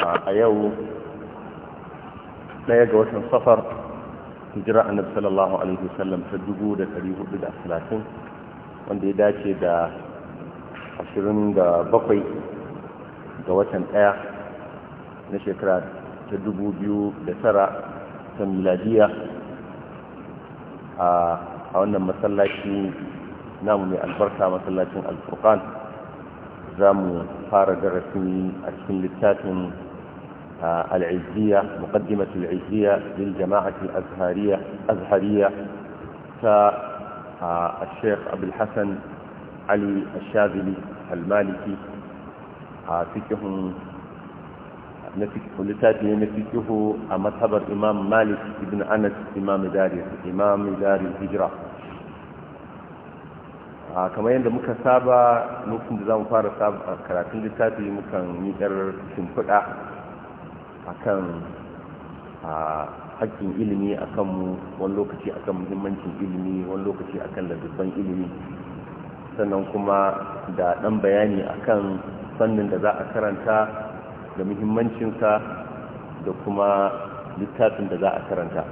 a yau ɗaya ga watan safar jira annabi sallallahu alaihi wasallam ta dubu da tari hudu da wanda ya dace da ashirin da bakwai ga watan ɗaya na shekara ta dubu biyu da tara ta miladiya a wannan matsalashi namu mai albarka masallacin alfurkan za mu fara darasi a cikin littafin al'izziya muqaddimatul al'izziya lil jama'ati azhariya azhariya ta الشيخ أبو الحسن علي الشاذلي المالكي فكه لتاتي نفكه مذهب الإمام مالك بن أنس إمام دار إمام دار الهجرة kamar yadda muka saba lokacin da za mu fara karatun littafi mukan miƙar shimfiɗa a kan haƙƙin ilimi a kanmu wani lokaci a kan muhimmancin ilimi wani lokaci a kan ladubban ilimi sannan kuma da ɗan bayani a kan fannin da za a karanta da muhimmancinsa da kuma littafin da za a karanta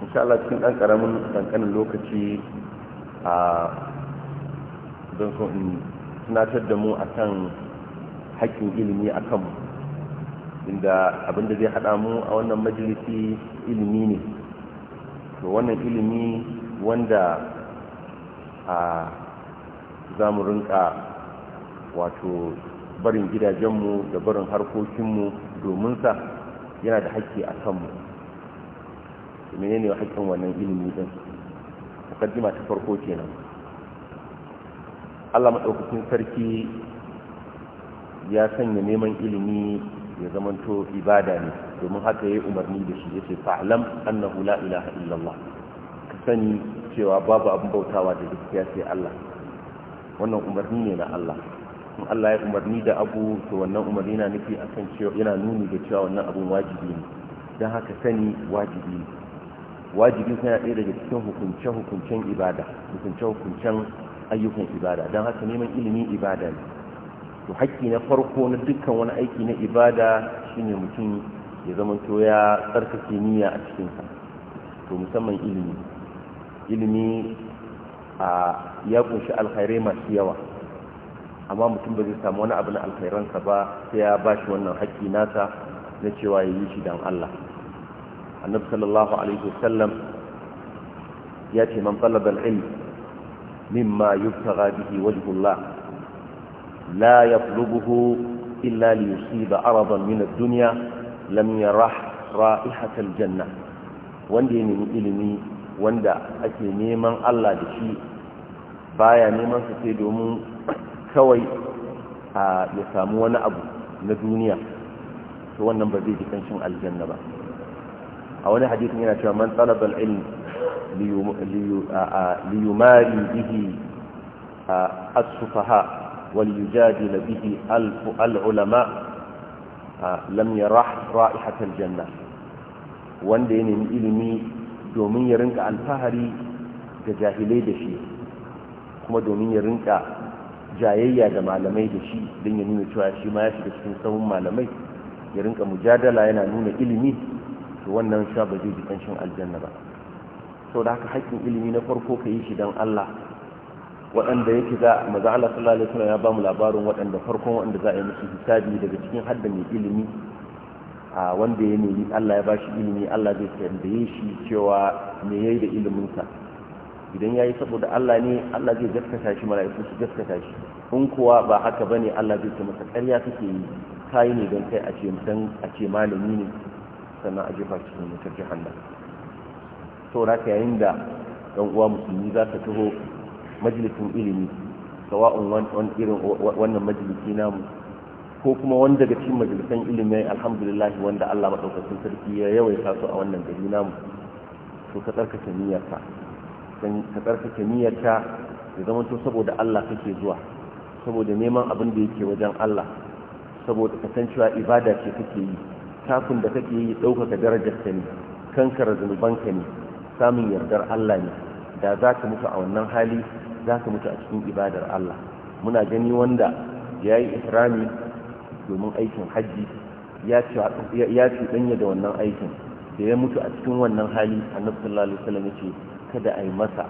insha cikin ɗan ƙaramin ƙanƙanin lokaci a don so in tunatar da mu akan haƙƙin ilimi a kanmu inda abinda zai haɗa mu a wannan majalisi ilimi ne to wannan ilimi wanda a za mu rinka wato barin gidajenmu da barin harkokinmu domin sa yana da haƙƙi a kanmu menene haƙƙin wannan ilimi din mukaddima ta farko kenan Allah madaukakin sarki ya sanya neman ilimi ya to ibada ne domin haka yayi umarni da shi yace fa'lam annahu la ilaha illallah ka sani cewa babu abin bautawa da gaskiya sai Allah wannan umarni ne na Allah in Allah ya umarni da abu to wannan umarni na nufi akan cewa yana nuni da cewa wannan abun wajibi ne don haka sani wajibi ne wajibi suna ɗaya daga cikin hukunce-hukuncen ibada hukunce-hukuncen ayyukan ibada don haka neman ilimin ibada ne to haƙƙi na farko na dukkan wani aiki na ibada shine mutum ya zama to ya tsarkake niyya a cikinsa to musamman ilimi ilimi a ya ƙunshi alkhairai masu yawa amma mutum ba zai samu wani abu na alkhairansa ba sai ya bashi wannan haƙƙi nasa na cewa ya yi shi don allah annabi sallallahu alaihi wasallam ya ce man talaba al-ilm mimma yubtagha bihi wajhullah la yatlubuhu illa li yusiba aradan min ad-dunya lam yarah ra'ihat al-janna wanda ya nemi ilimi wanda ake neman Allah da shi baya neman sa sai domin kawai ya samu wani abu na duniya to wannan ba zai ji kanshin aljanna ba a wani hadisin yana cewa man talaba al-ilm li yumari bihi as-sufaha wal yujadil bihi al-ulama lam yarah ra'ihat al-janna wanda ya nemi ilimi domin ya rinka alfahari ga jahilai da shi kuma domin ya rinka jayayya da malamai da shi don ya nuna cewa shi ma ya shiga cikin sabon malamai ya rinka mujadala yana nuna ilimi to wannan sha ba zai ji aljanna ba sau da haka haƙƙin ilimi na farko ka yi shi don Allah waɗanda yake za maza Allah sallallahu alaihi ya ba mu labarin waɗanda farkon waɗanda za a yi musu hisabi daga cikin hadda mai ilimi a wanda ya nemi Allah ya ba shi ilimi Allah zai tambaye shi cewa me yi da iliminsa idan yi saboda Allah ne Allah zai gaskata shi mala'iku su gaskata shi in kuwa ba haka ba ne Allah zai ce masa ƙarya kake yi ne don kai a ce malami ne sannan a jefa cikin wutar jihannan saura ta yayin da ɗan uwa musulmi za ta taho majalisun ilimi sawa'un irin wannan majalisi namu ko kuma wani daga cikin majalisan ilimi alhamdulillah wanda Allah maɗaukacin sarki ya yawai su a wannan gari namu to ka tsarkake niyyarka dan ka tsarkake niyyarka da zama to saboda Allah kake zuwa saboda neman abin da yake wajen Allah saboda kasancewa ibada ce kake yi takun da kake yi ɗaukaka darajar ka ne kankara zunubanka ne samun yardar Allah ne da za ka mutu a wannan hali za ka mutu a cikin ibadar Allah muna gani wanda ya yi ihrami domin aikin hajji ya ce danya da wannan aikin da ya mutu a cikin wannan hali a sallallahu alaihi wasallam ya ce kada a yi masa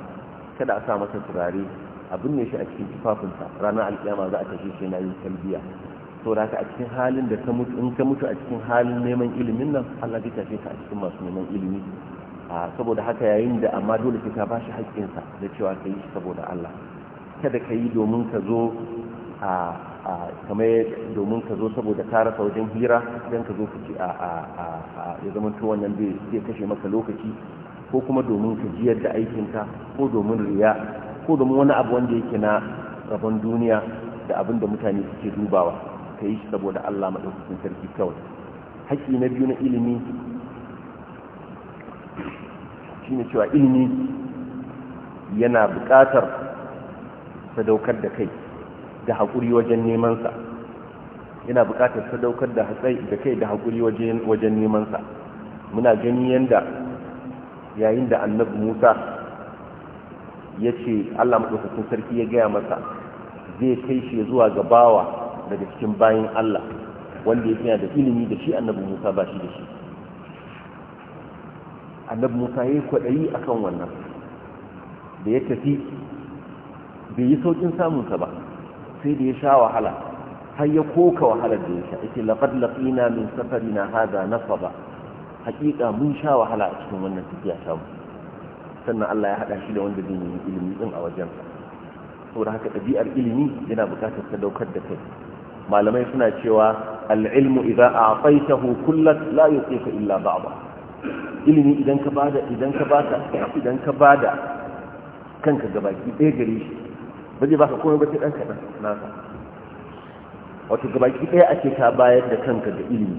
kada a sa masa turare abin ne shi a cikin tufafinsa ranar alƙiyama za a tafi shi na yin talbiya to da a cikin halin da ka mutu in ka mutu a cikin halin neman ilimin nan Allah zai tafi ka a cikin masu neman ilimi saboda haka yayin da amma dole sai ka bashi sa da cewa ka yi shi saboda Allah kada ka yi domin ka zo a kamar domin ka zo saboda ka rasa wajen hira dan ka zo ka ci a a a ya zama to wannan zai kashe maka lokaci ko kuma domin ka jiyar da aikinka ko domin riya ko domin wani abu wanda yake na rabon duniya da abin da mutane suke dubawa ka yi shi saboda Allah maɗaukacin sarki kawai haƙƙi na biyu na ilimi shi ne cewa ilimi yana buƙatar sadaukar da kai da haƙuri wajen nemansa yana buƙatar sadaukar da hatsai da kai da haƙuri wajen nemansa muna gani yanda yayin da annabi musa ya ce allah maɗaukacin sarki ya gaya masa zai kai shi zuwa ga bawa daga cikin bayan Allah wanda ya tsaya da ilimi da shi annabi Musa ba shi da shi annabi Musa ya yi kwaɗayi akan wannan da ya tafi bai yi saukin samunsa ba sai da ya sha wahala har ya koka wahalar da ya sha ita laqad laqina min safarina hadha ba. haƙiƙa mun sha wahala a cikin wannan tafiya samu sannan Allah ya haɗa shi da wanda zai yi ilimi din a wajensa saboda haka ɗabi'ar ilimi yana buƙatar ɗaukar da kai malamai suna cewa al'ilmu idan a faitahu kullat la yuqifa illa ba ilimi idan ka bada idan ka bada idan ka bada kanka gabaki ɗaya gare shi ba zai baka ka ba sai ɗan kaɗan nasa wata gabaki ɗaya ake ka bayar da kanka da ilimi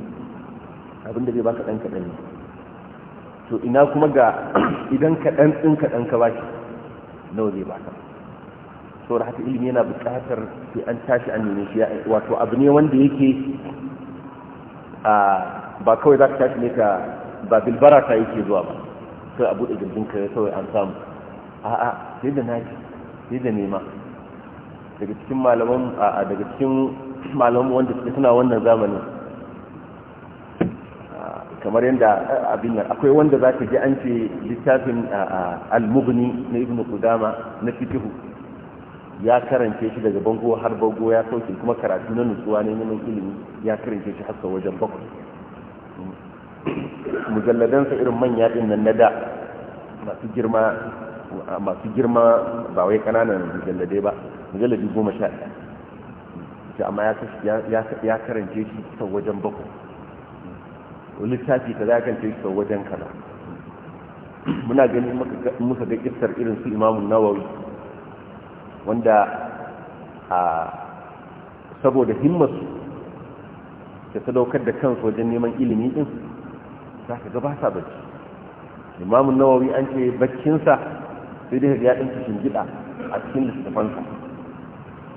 abinda zai baka ɗan kaɗan ne to ina kuma ga idan kaɗan ɗin kaɗan ka shi nawa zai baka saboda haka ilimi yana bukatar sai an tashi an nemi shi wato abu ne wanda yake ba kawai za ka tashi ne ka ba bilbara ta yake zuwa ba sai a buɗe jirgin kare kawai an samu a'a sai da naji, sai da nema daga cikin malaman a daga cikin malaman wanda suke suna wannan zamani. kamar yadda abin nan akwai wanda za ka ji an ce littafin al-mughni na Ibn qudama na fitihu. ya karance shi daga bango har bango ya sauke kuma karatu na nutsuwa ne neman ilimi ya karance shi hasa wajen bakwai mujalladansa irin manya din nan na da masu girma masu girma ba wai kananan mujalladai ba mujalladi goma sha ɗaya amma ya karance shi sau wajen bakwai littafi ta za karance shi sau wajen kana muna ganin muka ga kisar irin su imamun nawawi wanda a saboda himmatu da sadaukar da kansu wajen neman ilimi din za ka gaba sa bacci imamun nawawi an ce baccinsa sai dai ya ɗan kishin gida a cikin littafansa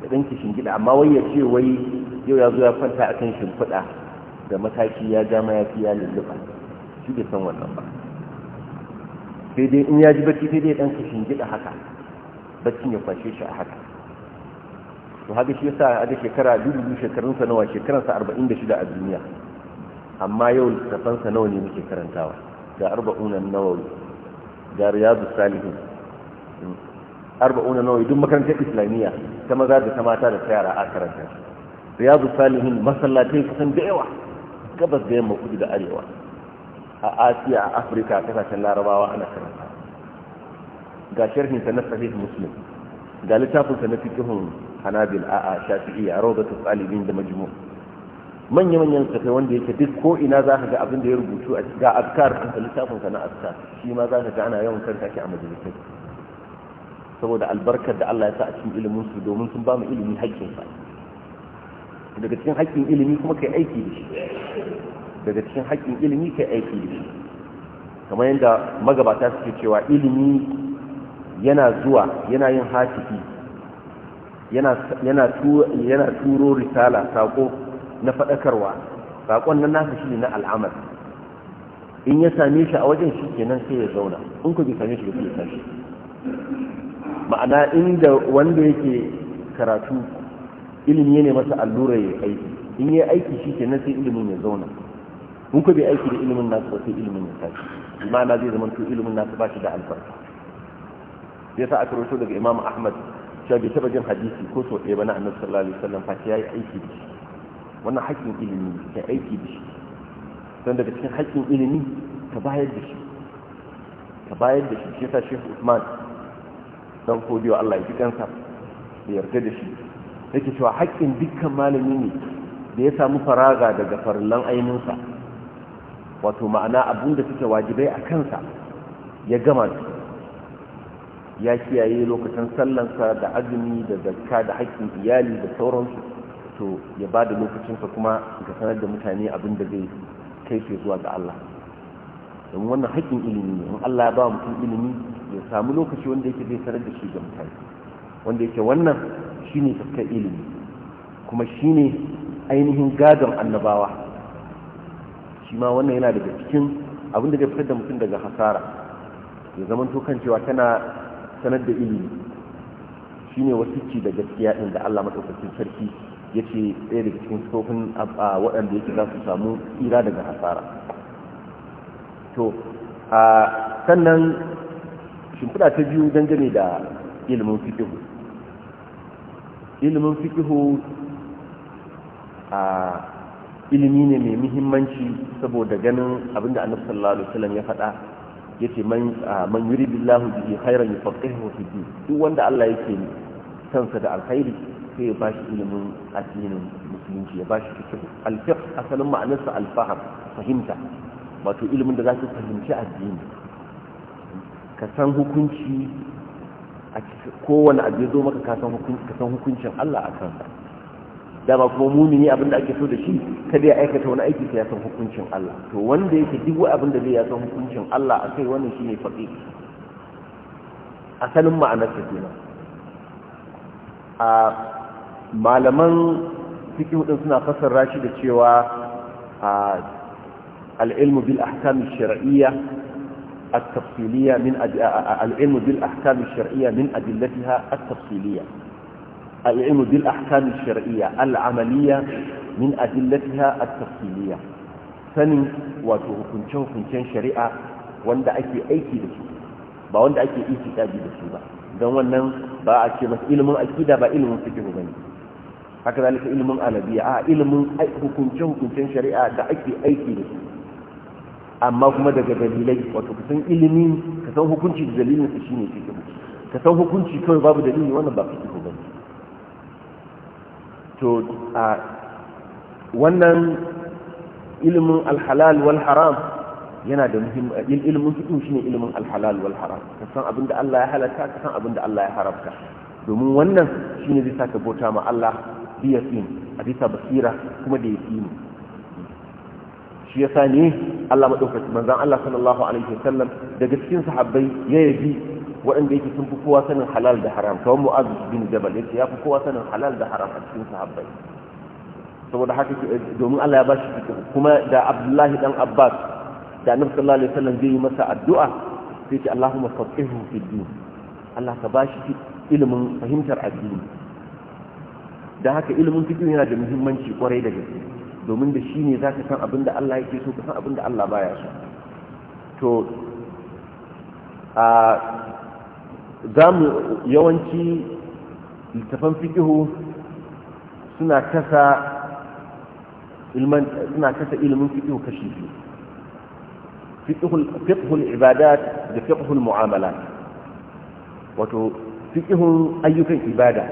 ya ɗan kishin gida amma wai ya ce wai yau ya zo ya kwanta a kan shimfiɗa da mataki ya ja mayafi ya lulluɓa shi bai san wannan ba sai dai in ya ji bacci sai dai ɗan kishin gida haka baccin ya kwashe shi a haka to haka shi yasa a da shekara dubu shekarunsa nawa shekaransa arba'in da shida a duniya amma yau littafansa nawa ne muke karantawa ga arba'unan nawawi ga riyadu salihin arba'una nawawi duk makarantar islamiyya ta maza da ta mata da ta yara a karanta riyadu salihin masallatai kusan da yawa gabas da yamma kudu da arewa a asiya a afirka a kasashen larabawa ana karanta ga sharhinsa na sahih muslim ga littafinsa na fiqhun hanabil a'a a rawdatul talibin da majmu' manya manyan sai wanda yake duk ko ina za ka ga abin da ya rubutu a ga azkar a littafin sa na azkar shi ma za ka ga ana yawan karanta ki a majalisai saboda albarkar da Allah ya sa a cikin ilimin su domin sun ba mu ilimi haƙƙin sa daga cikin haƙƙin ilimi kuma kai aiki da shi daga cikin haƙƙin ilimi kai aiki da shi kamar yadda magabata suke cewa ilimi yana zuwa yana yin hatifi yana turo risala sako na faɗakarwa sakon nan nasa shi na al'amal in ya same shi a wajen shi kenan sai ya zauna in ku bi same shi ba sai ya tashi ma'ana inda wanda yake karatu ilimi ne masa allura ya aiki in ya aiki shi kenan sai ilimin ya zauna in ku bai aiki da ilimin nasu ba sai ilimin ya tashi ma'ana zai zama to ilimin nasu ba shi da albarka ya sa aka rushe daga imam ahmad cewa bai taba jin hadisi ko so ɗaya ba na annabi sallallahu alaihi wasallam fa ya yi aiki da shi wannan haƙƙin ilimi ya aiki da shi don daga cikin haƙƙin ilimi ka bayar da shi ka bayar da shi shi sa shehu usman don kodiyo allah ya ji kansa da yarda da shi yake cewa haƙƙin dukkan malami ne da ya samu faraga daga farillan ainihinsa wato ma'ana abun da suke wajibai a kansa ya gama su ya kiyaye lokacin sallansa da azumi da zakka da hakkin iyali da sauransu to ya ba da lokacinsa kuma ga sanar da mutane abin da zai kai su zuwa ga Allah don wannan haƙƙin ilimi ne in Allah ya ba mutum ilimi ya samu lokaci wanda yake zai sanar da shi ga mutane wanda yake wannan shine tafkar ilimi kuma shine ainihin gadon annabawa shi ma wannan yana daga cikin abin da zai fitar da mutum daga hasara ya zama to kan cewa kana sanar da ilimi shine wasicci da gaskiya din da Allah madaukakin sarki ya ce ɗaya daga cikin tsofin waɗanda yake za su samu tsira daga hasara to a sannan shimfiɗa ta biyu dangane da ilimin fikihu ilimin fikihu a ilimi ne mai muhimmanci saboda ganin abinda annabi sallallahu alaihi wasallam ya faɗa yace man ah, man yuridillahu bihi khairan yufaqihuhu fi din duk wanda Allah yake sansa da alkhairi sai ya bashi ilimin addinin musulunci ya bashi fiqh alfiq asalin ma'anarsa alfaham fahimta wato ilimin da za fahimci addini ka san hukunci a kowane abu ya zo maka ka san hukuncin Allah a kansa dama kuma mumini abin da ake so da shi kada ya aikata wani aiki sai ya san hukuncin Allah to wanda yake duk wani abin da zai ya san hukuncin Allah a kai wannan shine faqi asalin ma'anar ta kenan a malaman fiqh din suna fassara shi da cewa al-ilmu bil ahkam ash-shar'iyya التفصيلية bil أد... العلم بالأحكام min من أدلتها التفصيلية العلم بالأحكام الشرعية العملية من أدلتها التفصيلية ثاني وتهكن شوكن شن شريعة وند أكي أيكي دسو با وند أكي أيكي تاجي دسو با دون ونن با أكي مس علم أكيدا با علم فكه بني هكذا لك علم ألبية علم هكن شوكن شن شريعة دا أكي أيكي دسو amma kuma daga dalilai wato ka san ilimi ka san hukunci da dalilin su shine fiqh ka san hukunci kawai babu dalili wannan ba fiqh to a wannan ilimin alhalal wal haram yana da muhimmanci ilimin fiqh shine ilimin alhalal wal haram ka san abin da Allah ya halatta ka san abin da Allah ya haramta domin wannan shine zai saka bota ma Allah bi yaqin a bisa basira kuma da yaqini shi yasa ne Allah madaukakin manzon Allah sallallahu alaihi wasallam daga cikin sahabbai ya yabi waɗanda yake sun fi kowa sanin halal da haram kawai mu'az bin jabal yake ya fi kowa sanin halal da haram a cikin sahabbai saboda haka eh, domin Allah ya bashi kuma da Abdullahi dan Abbas da Annabi sallallahu alaihi wasallam zai yi masa addu'a sai ce Allahumma faqihu fi din Allah ka bashi ilimin fahimtar addini da haka ilimin fiqh yana da muhimmanci kwarai da gaske domin da shi ne zaka san abinda Allah yake so ka san abinda Allah baya so to a za mu yawanci littafan fikihu suna kasa ilman suna kasa ilimin fikihu kashi biyu fiqhul ibadat da fiqhul mu'amala wato fiqhun ayyukan ibada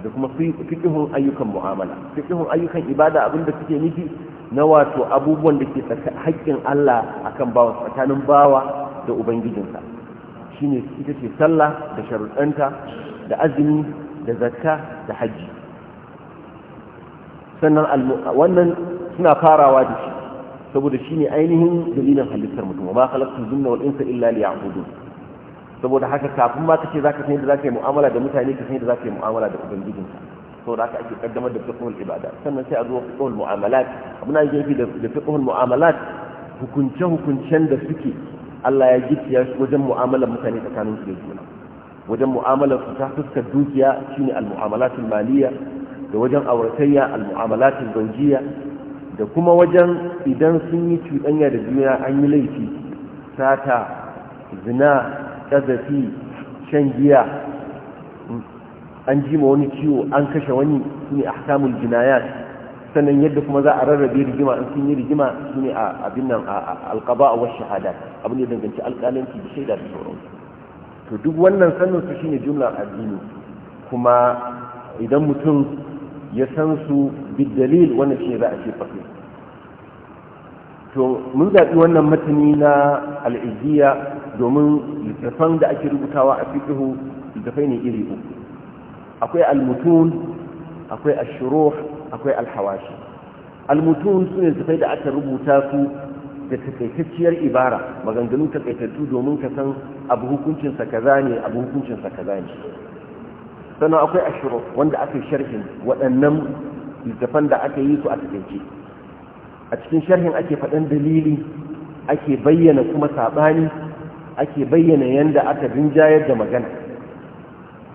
da kuma fiqhun ayyukan mu'amala fiqhun ayyukan ibada abinda suke nufi na wato abubuwan da ke haƙƙin Allah akan bawa tsakanin bawa da ubangijinsa shine ita ce sallah da sharuɗanta da azumi da zakka da hajji sannan wannan suna farawa da shi saboda shi ne ainihin dalilin halittar mutum ma khalaqtu jinna wal insa illa hudu. saboda haka kafin ma kace zaka san yadda zaka yi mu'amala da mutane ka san yadda zaka yi mu'amala da ubangijinka saboda haka ake kaddamar da fiqhul ibada sannan sai a zo fiqhul mu'amalat abuna yake da fiqhul mu'amalat hukunce hukuncen da suke Allah ya gicciya shi wajen mu'amalar mutane tsakanin su da juna wajen mu'amalar su ta fuskar dukiya shine al-mu'amalatul maliya da wajen auratayya al-mu'amalatul zawjiyya da kuma wajen idan sun yi cuɗanya da juna an yi laifi sata zina ƙazafi shan giya an ji ma wani ciwo an kashe wani su ne ahkamul jinayat sannan yadda kuma za a rarrabe rigima in sun yi rigima su a abin nan alƙaba a wasu shahada abin da danganci alƙalanci da shaida da sauransu to duk wannan sanin su shine jumlar addini kuma idan mutum ya san su dalil wannan shine za a ce faqih to mun zaɓi wannan matani na al'ijiyya domin littafan da ake rubutawa a fiƙihu littattafai ne iri uku akwai almutun akwai ashiruh akwai alhawashi almutun su ne da aka rubuta su da takaitacciyar ibara maganganun takaitattu domin ka san abu hukuncinsa kaza ne abu hukuncinsa kaza ne sannan akwai ashiru wanda aka yi sharhin waɗannan littafan da aka yi su a takaice a cikin sharhin ake faɗan dalili ake bayyana kuma saɓani ake bayyana yadda aka rinjayar da magana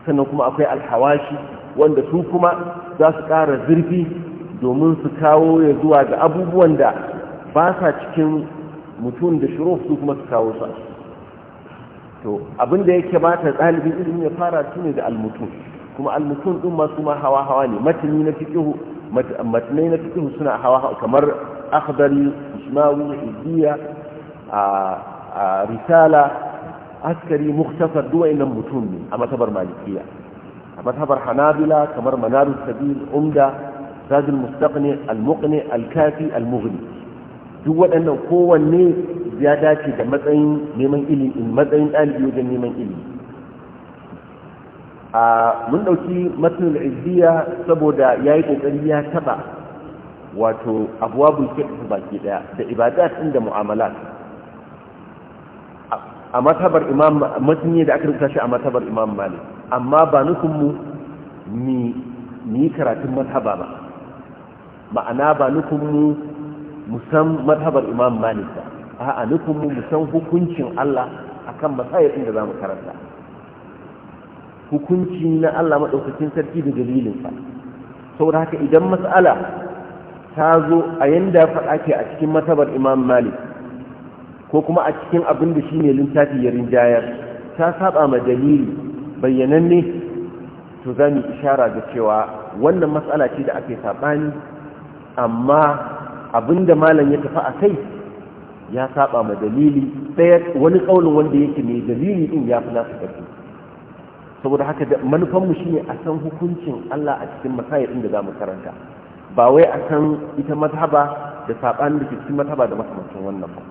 sannan kuma akwai alhawashi wanda su kuma za su ƙara zurfi domin su kawo ya zuwa ga abubuwan da ba sa cikin mutum da shuruf su kuma su kawo su to abinda yake ba ta ɗalibin ilimin ya fara su ne da almutun kuma almutun ɗin masu ma hawa hawa ne matani na fiƙihu matanai na fiƙihu suna hawa hawa kamar akhdari ismawi idiya a risala askari muktasar duwa inan mutum ne a matabar malikiya a matabar hanabila kamar manarus sabil umda zazil mustaqni al-muqni al-kafi al-mughni duk waɗannan kowanne ya dace da matsayin neman ilimi matsayin ɗalibi wajen neman ilimi a mun ɗauki matsayin izziya saboda ya yi ƙoƙari ya taɓa wato abuwa bulkeɗin baki ɗaya da ibada ɗin da mu'amalat a matabar imam matsayin da aka rubuta shi a matabar imam malik amma ba nufinmu ni karatun mataba ba ma'ana ba nufinmu musan madhabar imam malik ba a'a nufin mu musan hukuncin Allah akan inda da zamu karanta hukunci na Allah madaukakin sarki da dalilin dalilinsa saboda haka idan mas'ala ta zo a yanda faɗa ke a cikin matabar imam malik ko kuma a cikin abin da shine littafi ya rinjayar ta saba ma dalili bayyananne to za isharar ishara da cewa wannan mas'ala ce da ake saɓani amma abinda malam ya tafi a kai ya saba ma dalili ɗaya wani ƙaunin wanda yake mai dalili din ya fi nasu ƙarfi saboda haka da manufanmu shine a san hukuncin Allah a cikin masaya din da za mu karanta ba wai a san ita mazhaba da saban da cikin mazhaba da makamancin wannan ba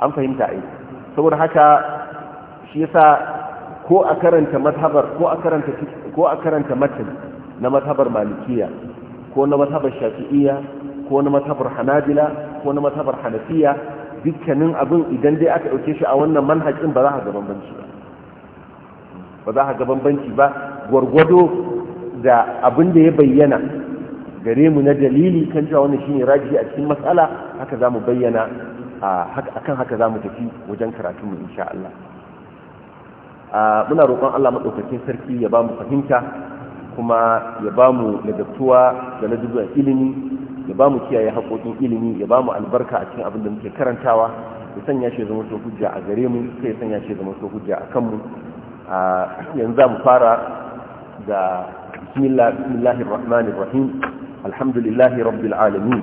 an fahimta ai saboda haka shi yasa ko a karanta mazhabar ko a karanta ko a karanta matan na mazhabar malikiya ko na matabar shafi'iyya ko na matabar hanabila ko na matabar hanafiya dukkanin abin idan dai aka ɗauke shi a wannan manhajin ba za a ga bambanci ba ba za a gaban ba gwargwado da abin da ya bayyana gare mu na dalili kan cewa wannan shine rajihi a cikin matsala haka za mu bayyana akan haka za mu tafi wajen karatunmu insha Allah muna roƙon Allah maɗaukakin sarki ya ba mu fahimta kuma ya ba mu nagartuwa da ladubban ilimi ya ba mu kiyaye haƙoƙin ilimi ya ba mu albarka a cikin abin da muke karantawa ya sanya shi zama so hujja a gare mu sai ya sanya shi zama so hujja a kanmu a yanzu za mu fara da bismillahir rahim alhamdulillahi rabbil alamin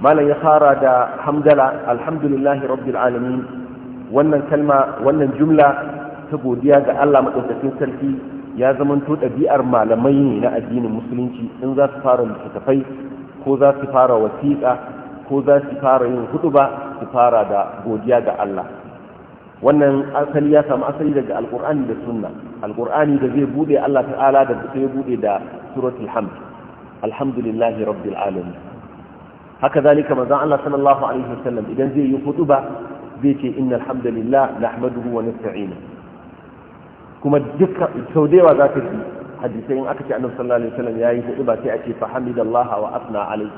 malam ya fara da hamdala alhamdulillahi rabbil alamin wannan kalma wannan jumla ta godiya ga Allah madaukakin sarki ya zamanto ɗabi'ar malamai ne na addinin musulunci in za su fara littattafai ko za su fara wasiƙa ko za su fara yin huɗuba su fara da godiya ga Allah wannan asali ya samu asali daga alƙur'ani da sunna alƙur'ani da zai bude Allah ta'ala da zai bude da suratul hamd alhamdulillahi rabbil alamin haka zalika manzon Allah sallallahu alaihi wasallam idan zai yi huɗuba zai ce innal hamdalillah nahmaduhu wa nasta'inuhu kuma duka sau da yawa za ka ji hadisai in aka ce annabi sallallahu alaihi wasallam yayi hudu ba sai a ce fa hamidallaha wa asna alaihi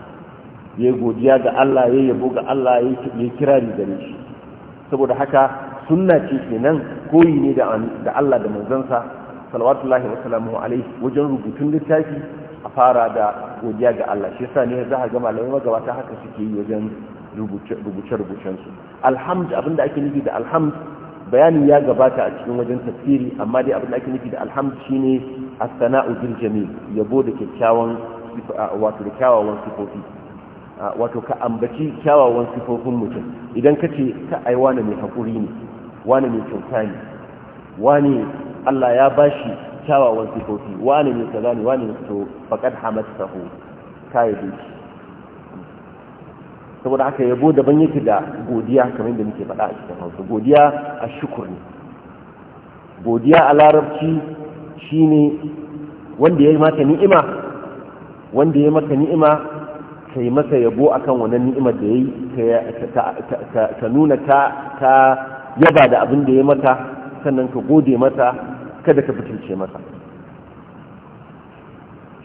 ya godiya ga Allah ya yabo ga Allah yi kirari da shi saboda haka sunna ce kenan koyi ne da Allah da manzansa salawatullahi wa salamu alaihi wajen rubutun littafi a fara da godiya ga Allah shi yasa ne za ka ga malamai magabata haka suke yi wajen rubuce rubucensu su alhamd abinda ake nufi da alhamd bayani ya gabata a cikin wajen tafsiri amma dai abin da ake nufi da alhamdu shine as-sana'u bil jamil yabo da kyakkyawan wato da kyawawan sifofi wato ka ambaci kyawawan sifofin mutum idan ka ce ka ai wani mai hakuri ne wani mai kyauta ne wani Allah ya bashi kyawawan sifofi wani mai kaza ne wani to faqad hamastahu kai dace saboda haka yabo daban yake da godiya kamar yadda muke faɗa a cikin hausa godiya a shukur ne godiya a larabci shi ne wanda ya yi maka ni'ima wanda ya yi maka ni'ima ka yi masa yabo a kan wannan ni'imar da ya yi ka nuna ta yaba da abin da ya yi mata sannan ka gode mata kada ka fitince mata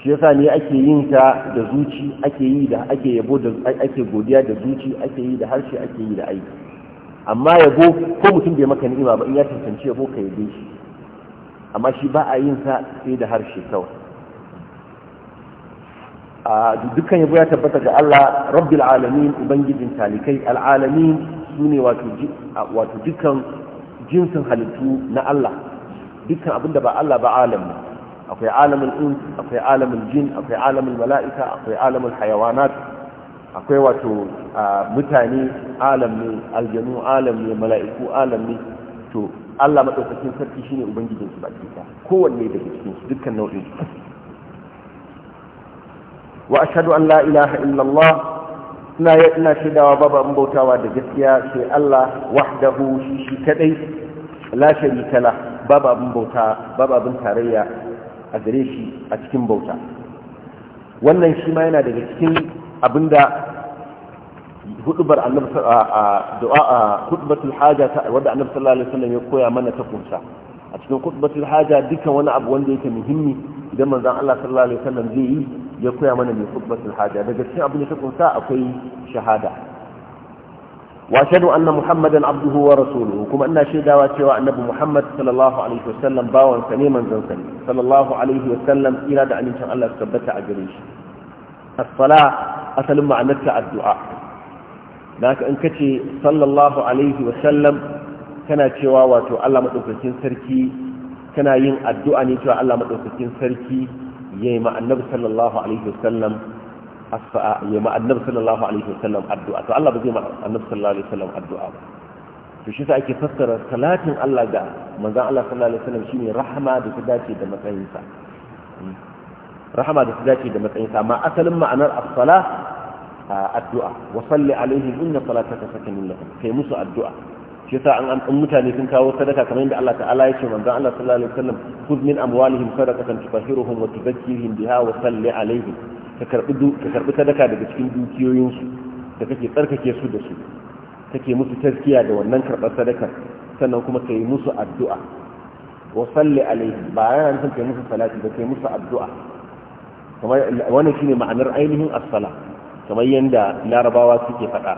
shi yasa ne ake yin ta da zuci ake yi da ake yabo da ake godiya da zuci ake yi da harshe ake yi da aiki amma yabo ko mutum bai maka ni'ima ba in ya tantance yabo ka yabe shi amma shi ba a yin sa sai da harshe kawai a dukkan yabo ya tabbata ga Allah rabbil alamin ubangijin talikai alalamin sune wato wato dukkan jinsin halittu na Allah dukkan abinda ba Allah ba alam akwai alamin in akwai alamin jin akwai alamin mala'ika akwai alamin hayawanat akwai wato mutane alam ne aljanu alam ne mala'iku alam ne to Allah madaukakin sarki shine ubangijin su baki ta kowanne daga cikin su dukkan nau'in su wa ashhadu an la'ilaha illallah ina shaidawa babu ba bautawa da gaskiya sai Allah wahdahu shi shi kadai la sharika la babu bauta babu tarayya a gare shi a cikin bauta wannan shi ma yana daga cikin abinda hudubar annabi a du'a a khutbatul haja wanda annabi sallallahu alaihi wasallam ya koya mana ta kunsa a cikin hudubatul haja dukkan wani abu wanda yake muhimmi idan manzon Allah sallallahu alaihi wasallam zai yi ya koya mana mai hudubatul haja daga cikin abin da ta kunsa akwai shahada واشهد ان محمدا عبده ورسوله كما ان شهدا واتوا ان ابو محمد صلى الله عليه وسلم باو سني من زنسني صلى الله عليه وسلم الى دعن ان شاء الله ثبت اجريش الصلاه اصل معناتك الدعاء لك ان كتي صلى الله عليه وسلم كان cewa wato Allah madaukakin sarki kana yin addu'a ne cewa Allah madaukakin sarki yayi ma annabi sallallahu alaihi wasallam asfa ya ma annabi sallallahu alaihi wasallam addu'a to Allah ba zai ma annabi sallallahu alaihi wasallam addu'a ba to shi sa ake fassara salatin Allah ga manzon Allah sallallahu alaihi wasallam shine rahama da ta dace da matsayinsa rahama da ta dace da matsayinsa amma asalin ma'anar as-sala addu'a wa salli alaihi inna salataka sakanun lahum kai musu addu'a shi yasa an an mutane sun kawo sadaka kamar yadda Allah ta'ala ya ce manzon Allah sallallahu alaihi wasallam khudh min amwalihim sadaqatan tufahiruhum wa tuzakkihim biha wa salli alaihim ka karbi ka karbi sadaka daga cikin dukiyoyin su da kake tsarkake su da su kake musu tazkiya da wannan karbar sadaka sannan kuma kai musu addu'a wa salli alaihim ba yana nufin kai musu salati ba kai musu addu'a kamar wannan shine ma'anar ainihin as-sala kamar yadda larabawa suke faɗa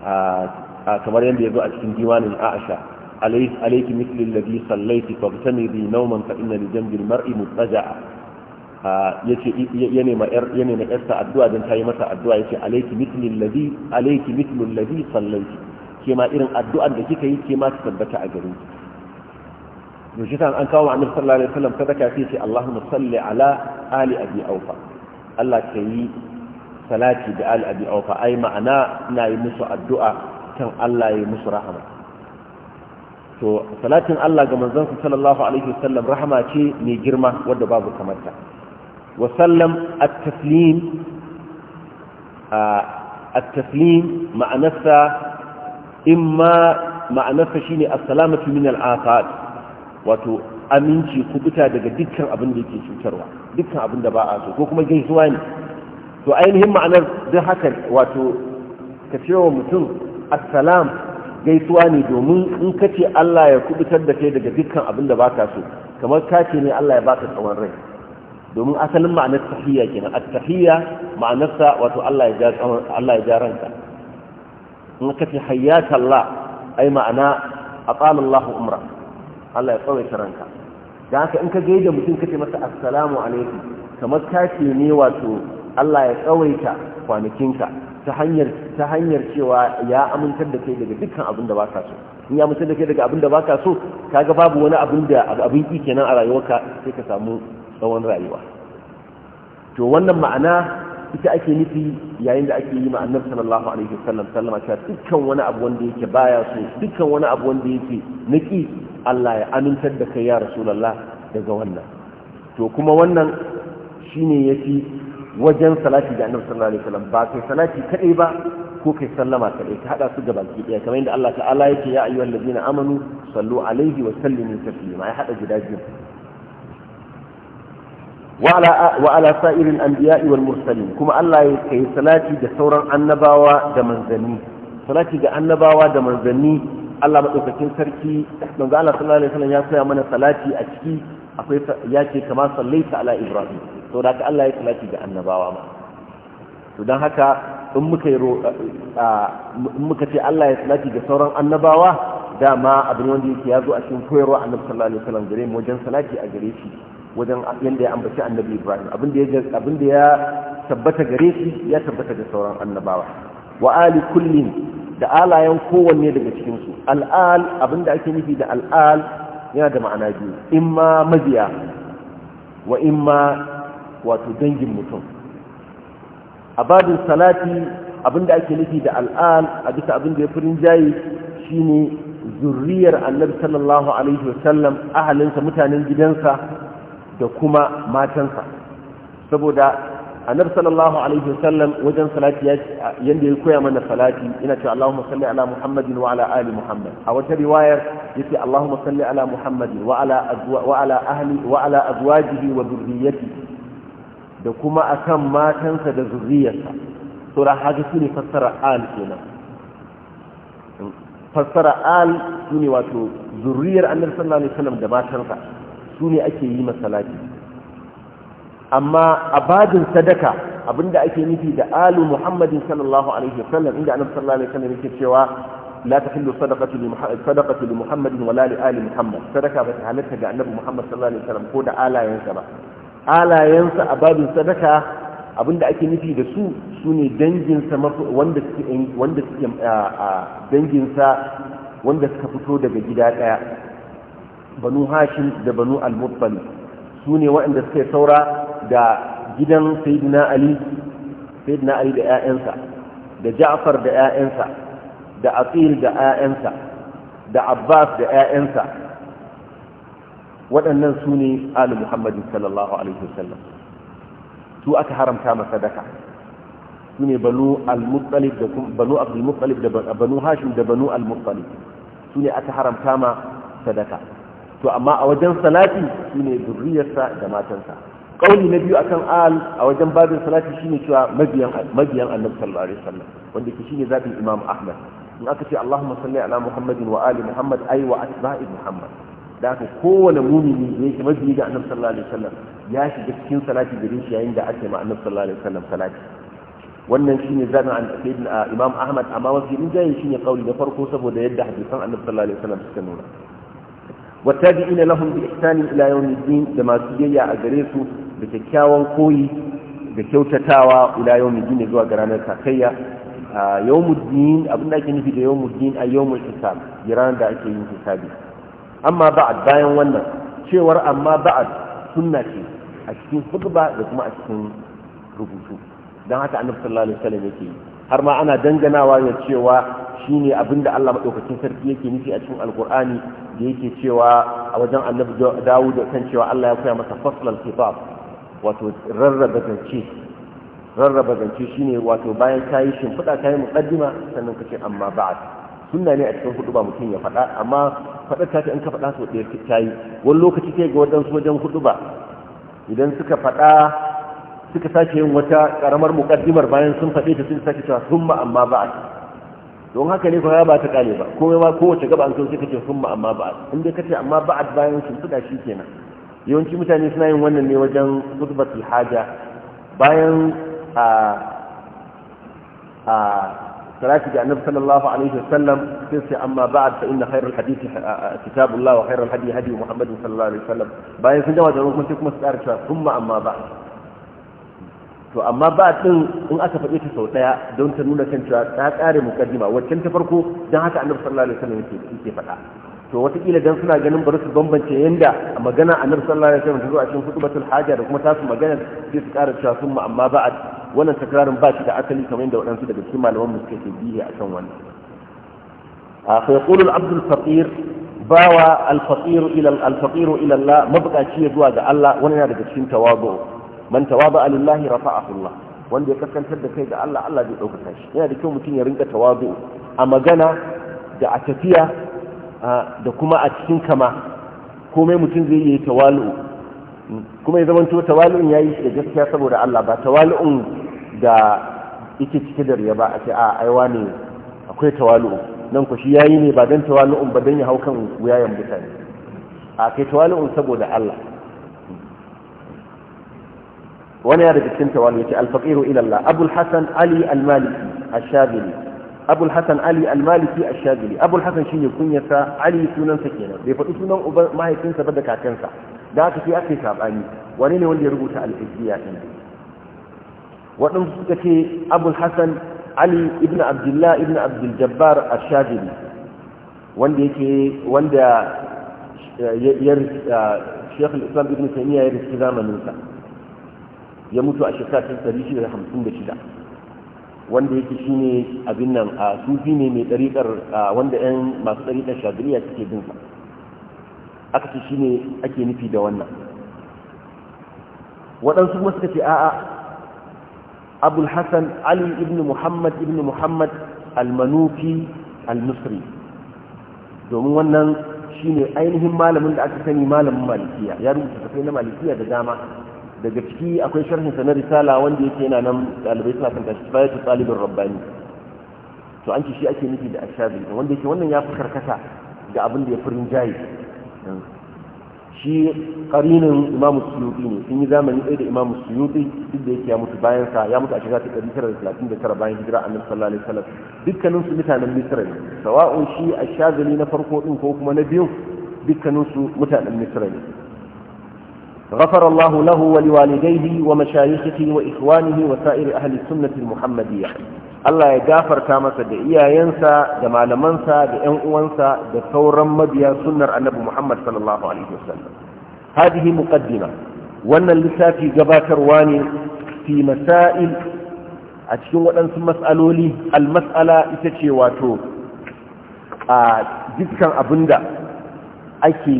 ah, kamar yadda ya zo a cikin diwanin a'asha alaiki misli alladhi sallaiti fabtani bi nauman fa inna li jambi almar'i mutaja'a yace ya nema yar ya nema yarsa addu'a dan tayi masa addu'a yace alaiki misli alladhi alaiki misli alladhi sallaiti ke ma irin addu'ar da kika yi ke ma ta tabbata a gare ki to shi an kawo annabi sallallahu alaihi wasallam sadaka sai ce Allahumma salli ala ali abi aufa Allah ta yi salati da ali abi aufa ai ma'ana ina yi musu addu'a akan Allah ya musu rahama to salatin Allah ga manzon sallallahu alaihi wasallam rahama ce mai girma wanda babu kamar ta wa sallam at-taslim at-taslim ma'anarsa imma ma'anarsa shine as-salamatu min al-afat wato aminci kubuta daga dukkan abin da yake cutarwa dukkan abin da ba a so ko kuma zuwa ne to ainihin ma'anar duk haka wato ka ce wa mutum assalam gaisuwa ne domin in ka ce Allah ya kubutar da kai daga dukkan abin da baka so kamar ka ce ne Allah ya baka tsawon rai domin asalin ma'anar tahiyya kenan at-tahiyya ma'anarsa wato Allah ya ja tsawon Allah ya ja ranka in ka ce hayyata Allah ai ma'ana aqala Allah umra Allah ya tsawaita ranka dan haka in ka gaida mutum kace masa assalamu alaikum kamar ka ce ne wato Allah ya tsawaita kwanakinka ta hanyar ta hanyar cewa ya amintar da kai daga dukkan abin da baka so in ya amintar da kai daga abin da baka so kaga babu wani abin da abin ki kenan a rayuwarka sai ka samu tsawon rayuwa to wannan ma'ana ita ake nufi yayin da ake yi ma'anar sallallahu alaihi wasallam sallama cewa dukkan wani abu wanda yake baya so dukkan wani abu wanda yake niki Allah ya amintar da kai ya rasulullah daga wannan to kuma wannan shine yafi wajen salati da annabi sallallahu alaihi wasallam ba kai salati kadai ba ko kai sallama kadai ka hada su gaba ki daya kamar yadda Allah ta'ala yake ya ayyuhal ladina amanu sallu alaihi wa sallimu taslima ya hada guda biyu wa ala wa ala sa'iril anbiya'i wal mursalin kuma Allah ya kai salati da sauran annabawa da manzanni salati ga annabawa da manzanni Allah madaukakin sarki manzo Allah sallallahu alaihi wasallam ya koya mana salati a ciki akwai ya ce kama sallaita ala ibrahim to da Allah ya salati ga annabawa ma to don haka in muka in muka ce Allah ya salati ga sauran annabawa dama abin wanda yake ya zo a cikin koyarwa annabi sallallahu alaihi wasallam gare mu wajen salati a gare shi wajen yanda ya ambaci annabi Ibrahim abin da ya abin da ya tabbata gare shi ya tabbata ga sauran annabawa wa ali kullin da alayen kowanne daga cikin su al'al abin da ake nufi da al'al yana da ma'ana biyu imma maziya wa imma wato dangin mutum a babin salati abinda ake nufi da al'an a bisa abinda ya furin jayi shine zurriyar annabi sallallahu alaihi wasallam ahalinsa mutanen gidansa da kuma matansa saboda annabi sallallahu alaihi wasallam wajen salati yanda ya koya mana salati ina cewa Allahumma salli ala Muhammadin wa ala ali Muhammad a wata riwayar yace Allahumma salli ala Muhammadin wa ala wa ala ahli wa ala azwajihi wa dhurriyyatihi da kuma akan matansa da zuriyarsa sura haka su ne fassara al kenan fassara al su ne wato zuriyar annabi sallallahu alaihi da matansa su ne ake yi masalati amma a bajin sadaka abinda ake nufi da alu muhammadin sallallahu alaihi wasallam inda annabi sallallahu alaihi wasallam yake cewa لا تحل صدقة صدقة لمحمد ولا لآل محمد صدقة بتحلتها جاء النبي محمد صلى الله عليه وسلم كود آلا ينسبه halayensa a babin sadaka abinda ake nufi da su su ne danginsa wanda suke danginsa wanda suka fito daga gida ɗaya banu hashim da banu al-muttali su ne waɗanda suka saura da gidan sayyidina ali sayyidina ali da 'ya'yansa da ja'far da 'ya'yansa da asil da 'ya'yansa da abbas da 'ya'yansa waɗannan su ne ali muhammadin sallallahu alaihi wasallam su aka haramta masa sadaka su ne banu al-muttalib da banu hashim da banu al-muttalib su ne aka haramta ma sadaka to amma a wajen salati su ne zurriyarsa da matansa kauli na biyu akan al a wajen babin salati shine cewa mabiyan mabiyan annabi sallallahu alaihi wasallam wanda ke shine zabin imam ahmad in aka ce allahumma salli ala muhammadin wa ali muhammad ai wa asba'i muhammad da aka kowane mumini da yake mabiyi ga annabi sallallahu alaihi wasallam ya shiga cikin salati da shi yayin da ake ma annabi sallallahu alaihi wasallam salati wannan shine zanin an sayyidina imam ahmad amma wasu yin jayin shine kauli da farko saboda yadda hadisan annabi sallallahu alaihi wasallam suka nuna wattabi'ina lahum bi ihsani ila yawmiddin da masu biyayya a gare su da kyakkyawan koyi da kyautatawa ila yawmiddin zuwa ga ranar kakayya yawmuddin abinda ake nufi da yawmuddin a yawmul hisab ranar da ake yin hisabi amma ba'ad bayan wannan cewar amma ba'ad sunna ce a cikin khutba da kuma a cikin rubutu don haka annabi sallallahu alaihi wasallam yake yi har ma ana danganawa ya cewa shine abinda Allah madaukakin sarki yake nufi a cikin alqur'ani da yake cewa a wajen annabi Dawud kan cewa Allah ya koya masa faslal kitab wato rarraba zance rarraba zance shine wato bayan kayi shimfiɗa kayi muqaddima sannan kace amma ba'ad sunna ne a cikin hudu ba mutum ya faɗa amma faɗar ta ce in ka faɗa sau ɗaya ta yi wani lokaci sai ga waɗansu wajen hudu ba idan suka faɗa suka sake yin wata ƙaramar muƙaddimar bayan sun faɗe ta sun sake cewa summa amma ba don haka ne kuma ba ta kale ba komai ma kowace gaba an sun suka ce summa amma ba in dai kace amma ba bayan sun fuda shi kenan yawanci mutane suna yin wannan ne wajen hudubatul haja bayan a ah, a ah, salati ga annabi sallallahu alaihi wasallam sai sai amma ba'd fa inna a hadith kitabullah wa khairul hadi hadi muhammad sallallahu alaihi wasallam bayan sun dawo da rukun sai kuma su cewa amma to amma ba din in aka faɗe ta sau ɗaya don ta nuna kan cewa ta ƙare mukaddima waccan ta farko don haka annabi sallallahu alaihi wasallam yake faɗa to wataƙila dan suna ganin bari su bambance yanda a magana annabi sallallahu alaihi wasallam ta zo a cikin hutubatul haja da kuma su magana sai su ƙara cewa amma wannan takrarin ba shi da asali kamar yadda waɗansu daga cikin malaman mu suka ke biye a kan wannan a fa yaqulu al faqir bawa al-faqir ila al ila Allah mabukaci ya zuwa ga Allah wannan yana daga cikin tawadu man tawaba lillahi rafa'ahu Allah wanda ya kaskantar da kai ga Allah Allah zai dauka shi yana da kyau mutum ya rinka tawadu a magana da a tafiya da kuma a cikin kama komai mutum zai yi tawalu kuma ya zamanto tawali'un ya yi shi da gaskiya saboda Allah ba tawali'un da yake cike da riya ba a ce a aiwa ne akwai tawali'u nan ku shi yayi ne ba dan tawali'un ba dan ya hau kan wuyayen mutane a kai tawali'un saboda Allah wani ya daga cikin tawali'u yace al-faqiru ila Allah Abul Hasan Ali al-Maliki ash-Shabili Abul Hasan Ali al-Maliki ash-Shabili Abul Hasan shine kunyarsa Ali sunansa kenan bai faɗi sunan mahaifinsa ba da kakansa da aka sai aka yi wani ne wanda ya rubuta al-hijriya din waɗansu suka ce abul hassan ali ibn abdullah ibn abdul jabbar ashadili wanda yake wanda shekh islam ibn taymiya ya riski zamaninsa ya mutu a shekara ta 656 wanda yake shine abin nan a sufi ne mai tarikar wanda 'yan masu tarikar shadiriya suke bin sa aka ce ne ake nufi da wannan waɗansu kuma suka ce a'a abul hassan ali ibn muhammad ibn muhammad al-manufi al-misri domin wannan shi ne ainihin malamin da aka sani malamin malikiya ya rubuta tafai na malikiya da dama daga ciki akwai sa na risala wanda yake yana nan ɗalibai suna kan tashi bayan su ɗalibin rabbani to an ce shi ake nufi da ashabi wanda yake wannan ya fi karkata ga abin da ya fi rinjaye shi karinin imam suyuti ne sun yi zamani ɗaya da imam suyuti duk da yake ya mutu bayan sa ya mutu a shekara ta ɗari tara da talatin da tara bayan hijira annabi sallallahu alaihi wasallam dukkanin su mutanen misra ne sawa'un shi ashazali na farko din ko kuma na biyu dukkanin su mutanen misra ne غفر الله له ولوالديه ومشايخه وإخوانه وسائر أهل السنة المحمدية Allah ya gafarta masa da iyayensa da malamansa da 'yan uwansa da sauran mabiya sunnar Annabi Muhammad sallallahu alaihi wasallam hadihi muqaddima wannan lissafi gabatarwa ne fi masail a cikin waɗansu mas'aloli almas'ala ita ce wato a dukkan abinda ake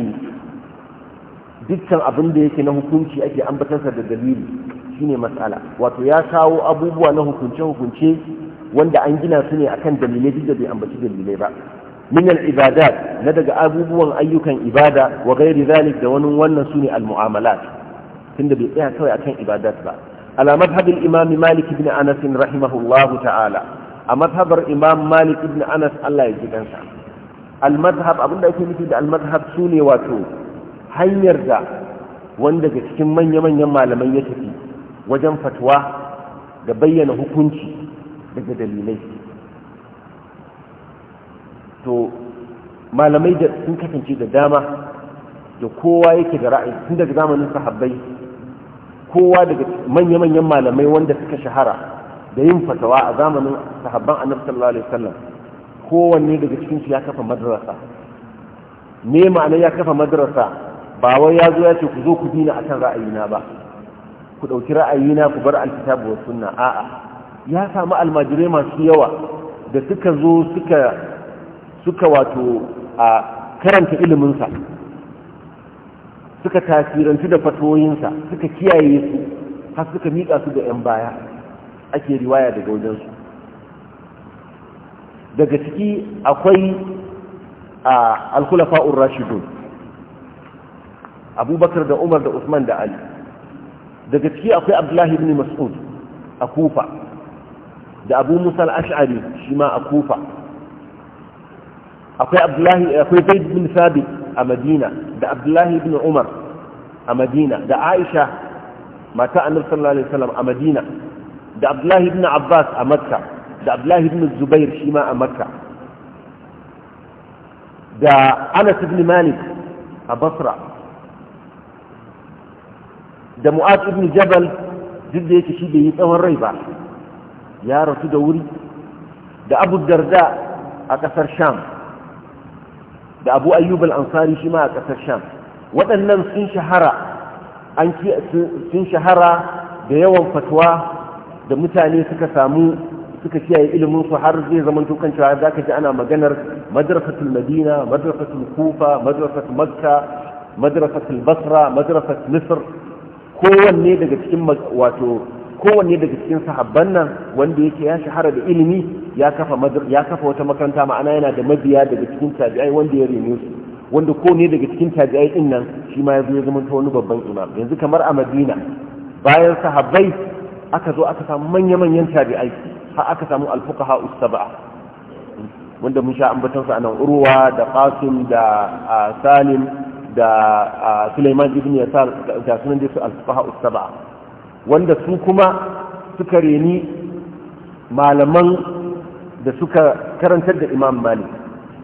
dukkan abin da yake na hukunci ake ambatarsa da dalili shine matsala wato ya kawo abubuwa na hukunce-hukunce wanda an gina su ne akan dalilai duk da bai ambaci dalilai ba min ibada ibadat na daga abubuwan ayyukan ibada wa ghairi zalik da wani wannan ne al-mu'amalat tunda bai tsaya kawai akan ibadat ba ala madhhabil imam malik ibn anas rahimahullahu ta'ala a madhhabar imam malik ibn anas Allah ya ji kansa al-madhhab abinda ake nufi da al-madhhab sune wato hanyar da wanda ga cikin manya-manyan malaman ya tafi wajen fatwa da bayyana hukunci daga dalilai to malamai da sun kasance da dama da kowa yake da ra'ayi tun daga zamanin sahabbai kowa daga manya-manyan malamai wanda suka shahara da yin fatawa a zamanin sahabban annabi sallallahu alaihi wasallam kowanne daga cikin su ya kafa madrasa me ma'ana ya kafa madrasa ba wai ya zo ya ce ku zo ku dina akan ra'ayina ba ku ɗauki ra'ayina ku bar alkitabu wa sunna a'a ya samu almajirai masu yawa da suka zo suka suka wato a karanta iliminsa suka tasirantu da fatoyinsa suka kiyaye su har suka miƙa su da 'yan baya ake riwaya daga wajensu daga ciki akwai a alkulafa'ur rashidun abubakar da umar da usman da ali daga ciki akwai abdullahi ibn mas'ud a kufa da abu musa al-ash'ari shi ma a kufa akwai abdullahi akwai zaid ibn sabit a madina da abdullahi ibn umar a madina da aisha mata annabi sallallahu alaihi wasallam a madina da abdullahi ibn abbas a makka da abdullahi ibn zubair shi ma a makka da anas ibn malik a basra da mu'ad ibn jabal duk da yake shi bai yi tsawon rai ba ya rasu da wuri da abu darda a ƙasar sham da abu ayyub al-ansari shi ma a ƙasar sham waɗannan sun shahara an sun shahara da yawan fatwa da mutane suka samu suka kiyaye ilimin su har zai zama tukan cewa za ka ji ana maganar madrasatul madina madrasatul kufa madrasatul makka madrasatul basra madrasatul misr kowanne daga cikin wato kowanne daga cikin sahabban nan wanda yake ya shahara da ilimi ya kafa ya kafa wata makaranta ma'ana yana da mabiya daga cikin tabi'ai wanda ya rene su wanda ko ne daga cikin tabi'ai din nan shi ma ya zo ya zama ta wani babban imam yanzu kamar a Madina bayan sahabbai aka zo aka samu manya-manyan tabi'ai har aka samu alfuqaha us-sab'a wanda mun sha ambaton su anan urwa da qasim da ah, salim da Sulaiman ibn Yasar da sunan da su al wanda su kuma suka reni malaman da suka karantar da Imam Malik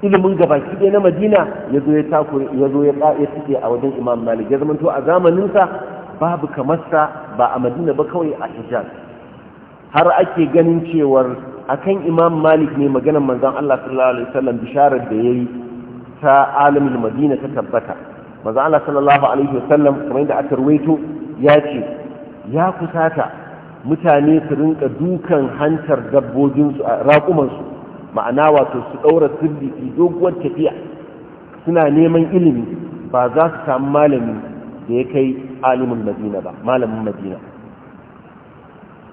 ilimin gabaki ɗaya na Madina ya zo ya takure ya zo ya a wajen Imam Malik ya zamanto a zamanin sa babu kamarsa ba a Madina ba kawai a Hijaz har ake ganin cewar akan Imam Malik ne maganar manzon Allah sallallahu alaihi wasallam bisharar da yayi ta alimul Madina ta tabbata manzo Allah sallallahu alaihi wasallam kamar yadda aka ruwaito ya ce ya kusata mutane su rinka dukan hantar dabbobinsu raƙumansu ma'ana wato su ɗaura sirri doguwar tafiya suna neman ilimi ba za su samu malami da ya kai alimin madina ba malamin madina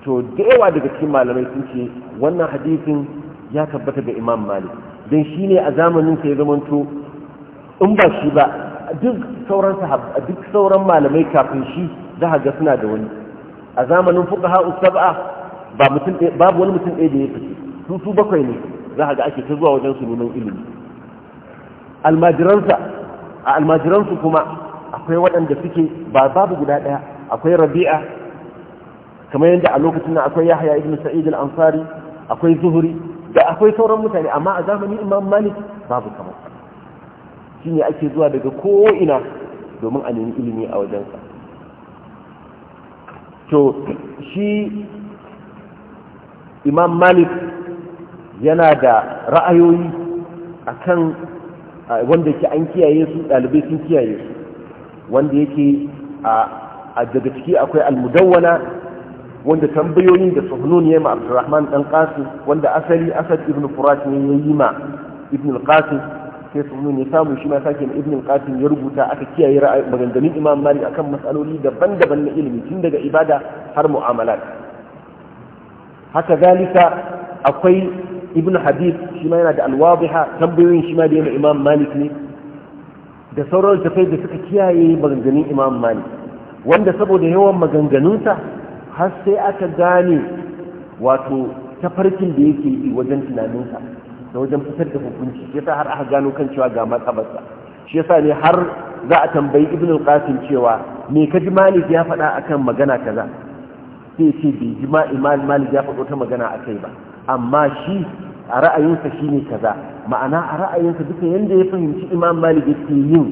to da yawa daga cikin malamai sun ce wannan hadisin ya tabbata ga imam malik don shi ne a zamanin ka ya zamanto in ba shi ba duk sauran duk sauran malamai kafin shi za ga suna da wani a zamanin fuqaha usaba ba mutum babu wani mutum ɗaya da ya fice su su bakwai ne za ga ake ta zuwa wajen su neman ilimi almajiransa a almajiransu kuma akwai waɗanda suke ba babu guda ɗaya akwai rabi'a kamar yadda a lokacin nan akwai Yahaya, ibn sa'id al-ansari akwai zuhuri da akwai sauran mutane amma a zamanin imam malik babu kamar ne ake zuwa daga ko'ina domin a nemi ilimi a wajensa to shi imam malik yana da ra'ayoyi a kan wanda ke an kiyaye su ɗalibai sun kiyaye su wanda yake a daga ciki akwai almudawwana wanda tambayoyin da suhunun ya yi ma Rahman ɗan ƙasu wanda asali asad ibn furat ne ya yi ma ibn al sai su ya samu shi ma sake na ibnin qasim ya rubuta aka kiyaye maganganun imam malik akan mas'aloli daban-daban na ilimi tun daga ibada har mu'amalat haka zalika akwai ibn habib shi ma yana da alwadiha tambayoyin shi ma da yana imam malik ne da sauran tafai da suka kiyaye maganganun imam malik wanda saboda yawan maganganunsa har sai aka gane wato tafarkin da yake wajen tunaninsa da wajen fitar da hukunci shi yasa har aka gano kan cewa ga matsabarsa shi yasa ne har za a tambayi ibn al-qasim cewa me ka ji malik ya faɗa akan magana kaza sai ce bai ji imam malik ya faɗo ta magana akai ba amma shi a ra'ayinsa shine kaza ma'ana a ra'ayinsa duka yanda ya fahimci imam malik yake yin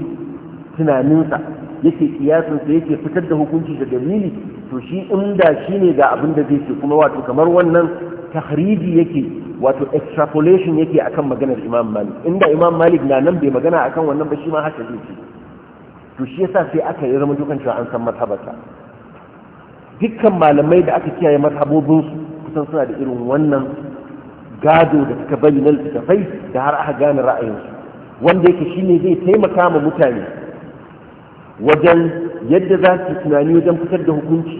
tunaninsa yake kiyasinsa yake fitar da hukunci da dalili to shi inda shine ga abin da zai ce kuma wato kamar wannan tahriji yake wato extrapolation yake akan maganar imam malik inda imam malik na nan bai magana akan wannan ba shi ma haka zai ce to shi yasa sai aka yi zama dukan cewa an san mazhabarsa dukkan malamai da aka kiyaye su kusan suna da irin wannan gado da suka bari na littattafai da har aka gane su wanda yake shine zai taimaka ma mutane wajen yadda za su tunani wajen fitar da hukunci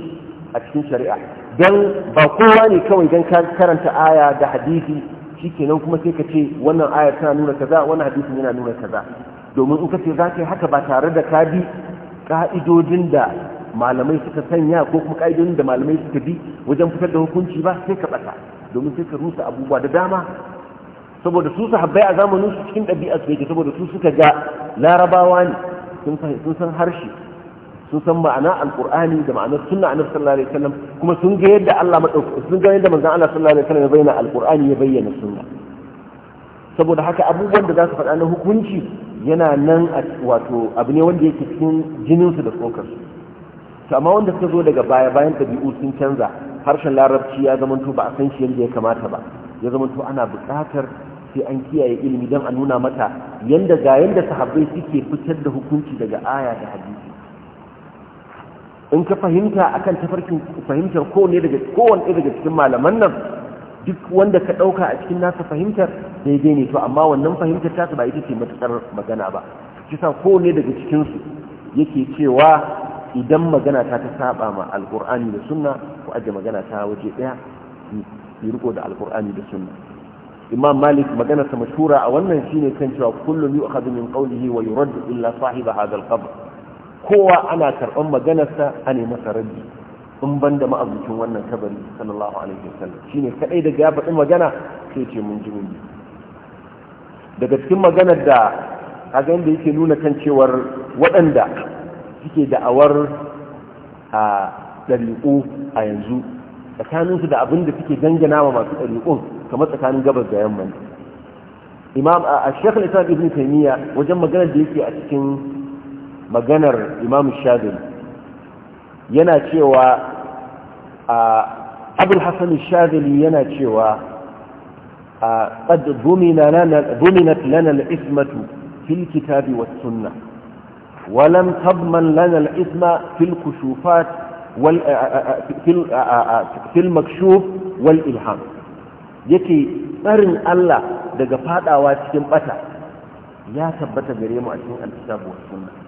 a cikin shari'a don ba kowa ne kawai don karanta aya da hadisi shi kenan kuma sai ka ce wannan aya tana nuna kaza wannan hadisi yana nuna kaza domin in ka ce za ka yi haka ba tare da ka bi ka'idodin da malamai suka sanya ko kuma ka'idodin da malamai suka bi wajen fitar da hukunci ba sai ka ɓata domin sai ka rusa abubuwa da dama saboda su sahabbai a zamanin su cikin ɗabi'a su yake saboda su suka ga larabawa ne sun san harshe sun san ma'ana alqur'ani da ma'anar sunna annabi sallallahu alaihi wasallam kuma sun ga yadda Allah madauki sun ga yadda manzon Allah sallallahu alaihi wasallam ya bayyana alqur'ani ya bayyana sunna saboda haka abubuwan da za su faɗa na hukunci yana nan wato abu ne wanda yake cikin su da su to amma wanda suka zo daga baya bayan ɗabi'u sun canza harshen larabci ya zamanto ba a san shi yadda ya kamata ba ya zamanto ana buƙatar sai an kiyaye ilimi don a nuna mata yanda ga yanda sahabbai suke fitar da hukunci daga aya da hadisi in ka fahimta akan tafarkin fahimtar kowane daga daga cikin malaman nan duk wanda ka ɗauka a cikin nasa fahimtar daidai ne to amma wannan fahimtar tasa ba ita ce matuƙar magana ba kisa kowane daga cikinsu yake cewa idan magana ta ta saba ma alƙur'ani da sunna ku ajiye magana ta waje ɗaya yi riko da alƙur'ani da sunna imam malik magana ta mashura a wannan shine kan cewa kullum yu'khadhu min qawlihi wa yuraddu illa sahiba hadha al-qabr kowa ana karɓar maganarsa a ne masa rabbi in ban da ma'azucin wannan kabari sallallahu alaihi wasallam ne kadai daga ya faɗi magana sai ce mun ji mun daga cikin maganar da kaga yadda yake nuna kan cewar waɗanda suke da'awar a ɗariƙo a yanzu tsakaninsu da abin da suke dangana wa masu ɗariƙon kamar tsakanin gabas da yamma imam a shekaru isa ibn taymiya wajen maganar da yake a cikin maganar imam shadin yana cewa a abul hasan shadili yana cewa a qad lana duminat ismatu fil kitabi wa lam lana al fil kushufat wal fil makshuf wal ilham yake tsarin Allah daga fadawa cikin bata ya tabbata gare mu a cikin alkitabu wa was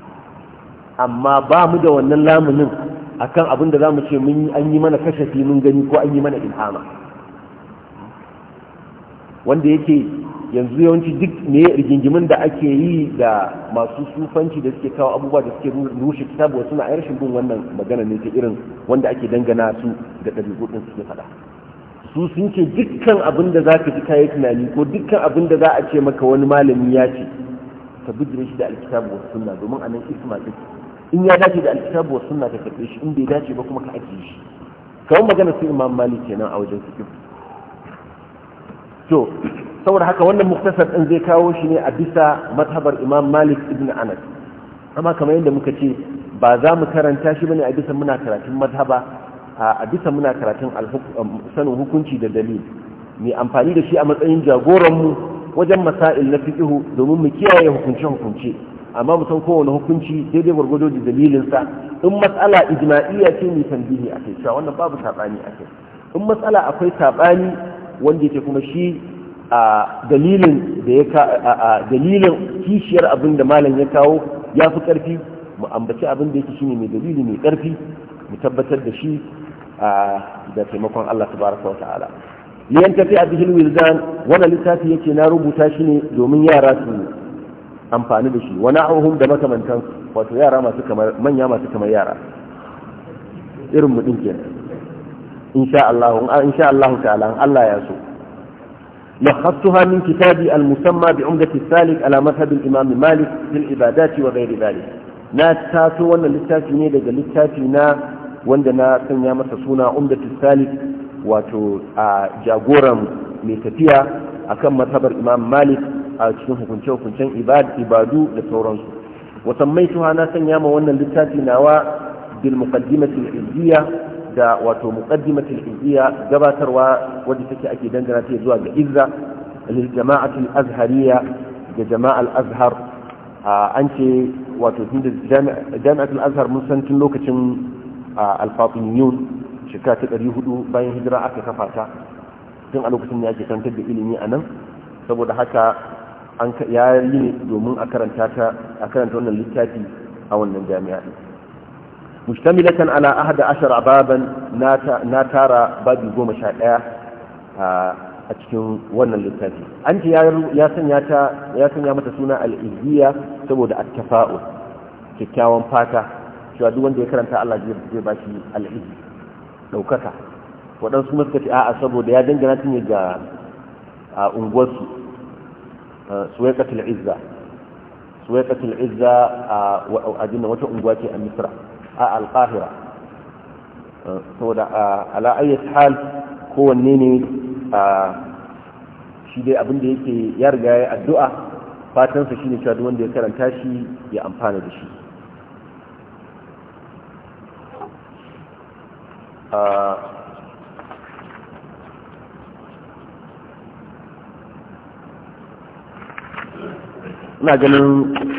amma ba mu da wannan lamunin a kan abin da za mu ce an yi mana kashafi mun gani ko an yi mana ilhama wanda yake yanzu yawanci duk ne rigingimin da ake yi da masu sufanci da suke kawo abubuwa da suke rushe kitabu wasu na rashin bin wannan magana ne ta irin wanda ake dangana su da ɗabi'u ɗin suke faɗa su sun ce dukkan abin da za ka ji kayi tunani ko dukkan abin da za a ce maka wani malami ya ce ka bijire shi da alkitabu wasu suna domin a nan isma in ya dace da alkitabu wa sunna ka karɓe shi in bai dace ba kuma ka ajiye shi kawai magana su imam malik kenan a wajen sukin to saboda haka wannan muktasar din zai kawo shi ne a bisa mazhabar imam malik ibn anas amma kamar yadda muka ce ba za mu karanta shi bane a bisa muna karatun mazhaba a bisa muna karatun um, sanin hukunci da dalil mai amfani da shi a matsayin jagoranmu wajen masail na fiqh domin mu kiyaye hukunce hukunce amma mu kowane hukunci daidai gwargwado da dalilinsa in matsala ijma'iyya ce mai tambihi a kai cewa wannan babu saɓani a kai in matsala akwai saɓani wanda yake kuma shi a dalilin da ya ka dalilin kishiyar abin da malam ya kawo ya fi ƙarfi mu ambaci abin da yake shine mai dalili mai ƙarfi mu tabbatar da shi a da taimakon Allah tabaraka wa ta'ala liyan tafi a bihil wildan wannan littafi yake na rubuta shi ne domin yara su amfani da shi wani ahuhun da makamantan wato yara masu kamar manya masu kamar yara irin mudin ke insha Allah ta'ala Allah ya so lakhattuha min kitabi al-musamma bi umdati salik ala madhhab al malik fil ibadati wa ghayri dhalik na tato wannan littafi ne daga littafi na wanda na sanya masa suna umdati salik wato a jagoran mai tafiya akan madhhabar imam malik a cikin hukunce-hukuncen ibadu da sauransu wasammai tuha na sanya ma wannan littafi nawa bil muqaddimatil izziya da wato muqaddimatil izziya gabatarwa wadda take ake dangana ta zuwa ga izza lil jama'atil azhariya ga jama'al azhar an ce wato tunda jami'atul azhar mun san tun lokacin al-fatimiyun shekara ta hudu bayan hijira aka kafa ta tun a lokacin ne ake kantar da ilimi a nan saboda haka ya yi ne domin a karanta wannan littafi a wannan jami'a ɗin mustamilatan ala ahada ashar ababan na tara babi goma sha ɗaya a cikin wannan littafi an ce ya sanya mata suna al'izziya saboda attafa'u kyakkyawan fata cewa duk wanda ya karanta Allah zai ba shi al'izzi ɗaukaka waɗansu suka a'a saboda ya dangana ne ga unguwarsu suwaikatul izza suwaikatul izza a ajinna wata unguwa ce a misra a alkahira saboda ala hal kowanne ne shi dai abinda yake ya riga ya addu'a fatansa shine cewa duk wanda ya karanta shi ya amfana da shi a ina ganin